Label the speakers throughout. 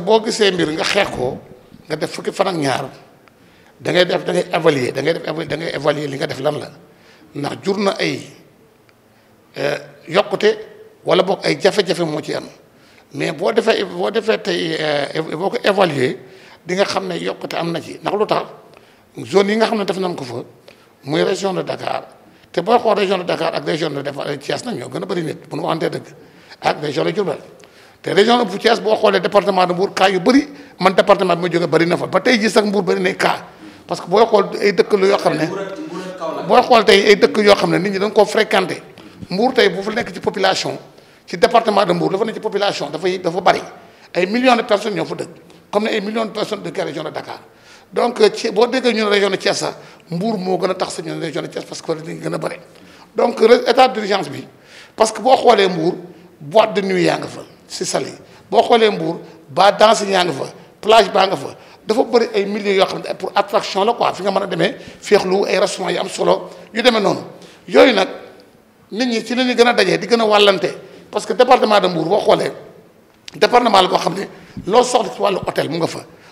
Speaker 1: boo gisee mbir nga xeex ko nga def fukki fan ñaar dangay def da ngay évaluer da ngay def da ngay évaluer li nga def lan la ndax jur na ay euh, yokkute wala boog ay jafe-jafe moo ci am mais boo defee boo defee tey euh, boo ko évaluer di nga xam ne yokkute am na ci ndax lu tax zone yi nga xam ne def nañ ko fa muy région de Dakar té booy xool région de Dakar ak région de Thiès nag ñoo gën a nit bu nu waxantee dëgg ak région de Diourbel té région de Thiès bo xolé département de Mbour cas yu bari man département bi ma jógee bëri na fa ba tay ji sax Mbour bari né ka parce que bo xol ay dëkk lu yoo xam ne booy xool ay dëkk yo xamné nit ñi dañ ko fréquenté Mbour tay bu fa nekk ci population ci département de Mbour dafa nekk ci population dafa dafa bari ay millions de personnes ñoo fa dëkk comme ay millions de personnes de région de Dakar donc bo boo ñu ñun région de Thiès sax Mbour moo gën tax suñu région de Thiès parce que dañu gëna bari donc état d'urgence bi parce que bo xolé Mbour boîte de nuit ya nga fa ci salé bo xolé xoolee Mbour ba danse ya nga fa plage ba nga fa dafa bari ay milliers yo xam pour attraction la quoi fi nga mëna démé demee ay restaurants yu am solo yu démé non yoy nak nit ñi ci lañu gëna dajé di gëna walanté parce que département de Mbour bo xolé département la ko xamné lo loo soxla ci wàllu hôtel mu nga fa.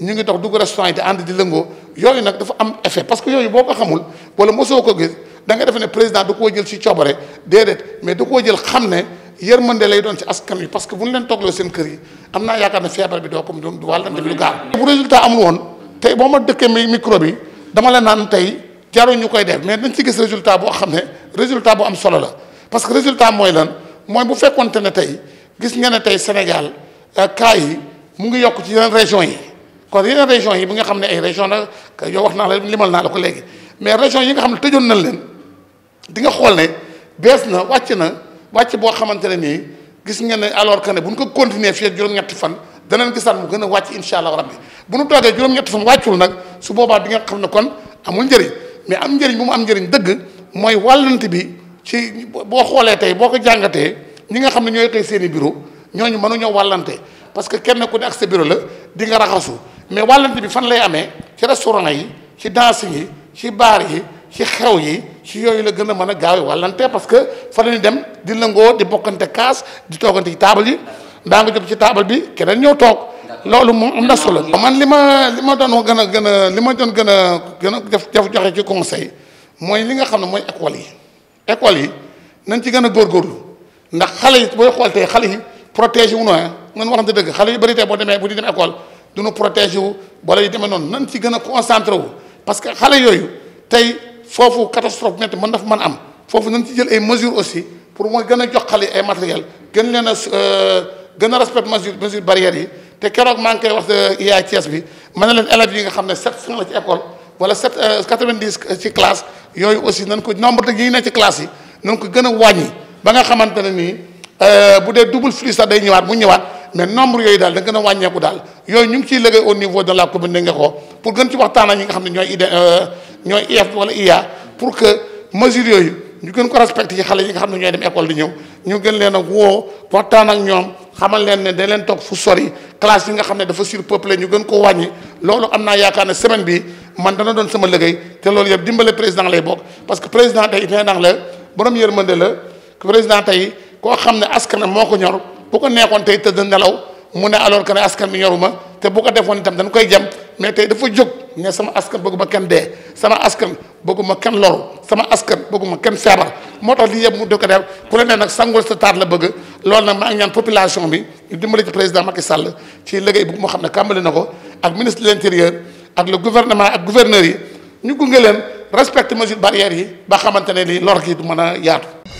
Speaker 1: ñu ngi dox dugg restaurant yi di ànd di lëngoo yooyu nag dafa am effet parce que yooyu boo ko xamul wala mosoo ko gis da nga defe ne président du koo jël ci coobare déedéet mais du koo jël xam ne yërmande lay doon ci askan wi parce que bu ñu leen toogloo seen kër yi am naa yaakaar ne feebar bi doo ko doon du wàllante lu gaaw. bu résultat amul woon tey boo ma dëkkee micro bi dama la naan tey jarul ñu koy def mais dañ si gis résultat boo xam ne résultat bu am solo la parce que résultat mooy lan mooy bu fekkonte ne tey gis nga ne tey Sénégal euh, cas yi mu ngi yokk ci yeneen région yi. kon yeneen région yi bi nga xam ne ay région la yow wax naa la limal naa la ko léegi mais région yi nga xam ne tëjoon na leen di nga xool ne bees na wàcc na wàcc boo xamante ne nii gis nga ne alors que ne bu ñu ko continuer fii ak juróom-ñetti fan danañ gisaat mu gën a wàcc insha allah rabbi bu ñu toogee juróom-ñetti fan wàccul nag su boobaa di nga xam ne kon amul njëriñ mais am njëriñ bu mu am njëriñ dëgg mooy wàllante bi ci boo xoolee tey boo ko jàngatee ñi nga xam ne ñooy xëy seen i bureau ñooñu mënuñoo wàllante parce que kenn ku ne ak la di nga raxasu mais wàllante bi fan lay amee ci restaurant yi ci danse yi ci baar yi ci xew yi ci yooyu la gën a mën a gaawe wàllante parce que fan la dem di lëngoo di bokkante kaas di toogante ci taabal yi ndaa nga jóg ci taabal bi keneen ñëw toog loolu moom am na solo man li ma li ma doon gën a gën a li ma doon gën a gën a def joxe ci conseil mooy li nga xam ne mooy école yi école yi nañ ci gën a góor góorgóorlu ndax xale yi booy xool tey xale yi protégé wu noe man waxante dëgg xale yu bëri tey boo école duñu protéger wu wala yu demee noonu nan ci gën a concentré wu parce que xale yooyu tey foofu catastrophe métti mën na fa mën am foofu nañ ci jël ay mesures aussi pour mooy gën a jox xale yi ay matériel gën leen a euh, gën a respect mesure mesure barrières yi te keroog maa ngi koy wax euh, yaay Thiès bi mën na leen élèves yi nga xam ne 700 la ci école wala 7 90 euh, ci classe yooyu aussi nañ ko nombre de yi ne ci classe yi nañ ko gën a wàññi ba nga xamante ne nii bu dee double flux sax day ñëwaat mu ñëwaat mais nombre yooyu daal da gën a wàññeeku daal yooyu ñu ngi ciy liggéey au niveau de la commune de Ngexo pour gën ci waxtaan ñi nga xam ne ñooy e, euh, pour que mesures yooyu ñu gën ko respecté ci xale yi nga xam ne ñooy dem école di ñëw ñu gën leen a woo waxtaan ñoom xamal leen ne da leen toog fu sori classe yi nga xam ne dafa surpeuplé ñu gën ko wàññi loolu am naa yaakaar ne semaine bi man dana doon sama liggéey te loolu yëpp dimbale président lay bokk parce que président tey nee naa la borom yërmande la tey koo xam ne askan moo ko ñor bu ko neexoon tey tëdd nelaw mu ne alors que ne askan bi ñoruma te bu ko defoon itam dañ koy jam mais tey dafa jóg ne sama askan bëgguma kenn dee sama askan bëgguma kenn loru sama askan bëgguma kenn feebar moo tax lii yëpp mu di ko def ku la ne nag sangul sa taat la bëgg loolu nag ma ngi ñaan population bi ñu dimbali ci président Macky Sall ci liggéey bu moo xam ne kàmbali na ko ak ministre de l'intérieur ak le gouvernement ak gouverneur yi ñu gunge leen respecte mesures barrières yi ba xamante ne lii lor gi du mën a yaatu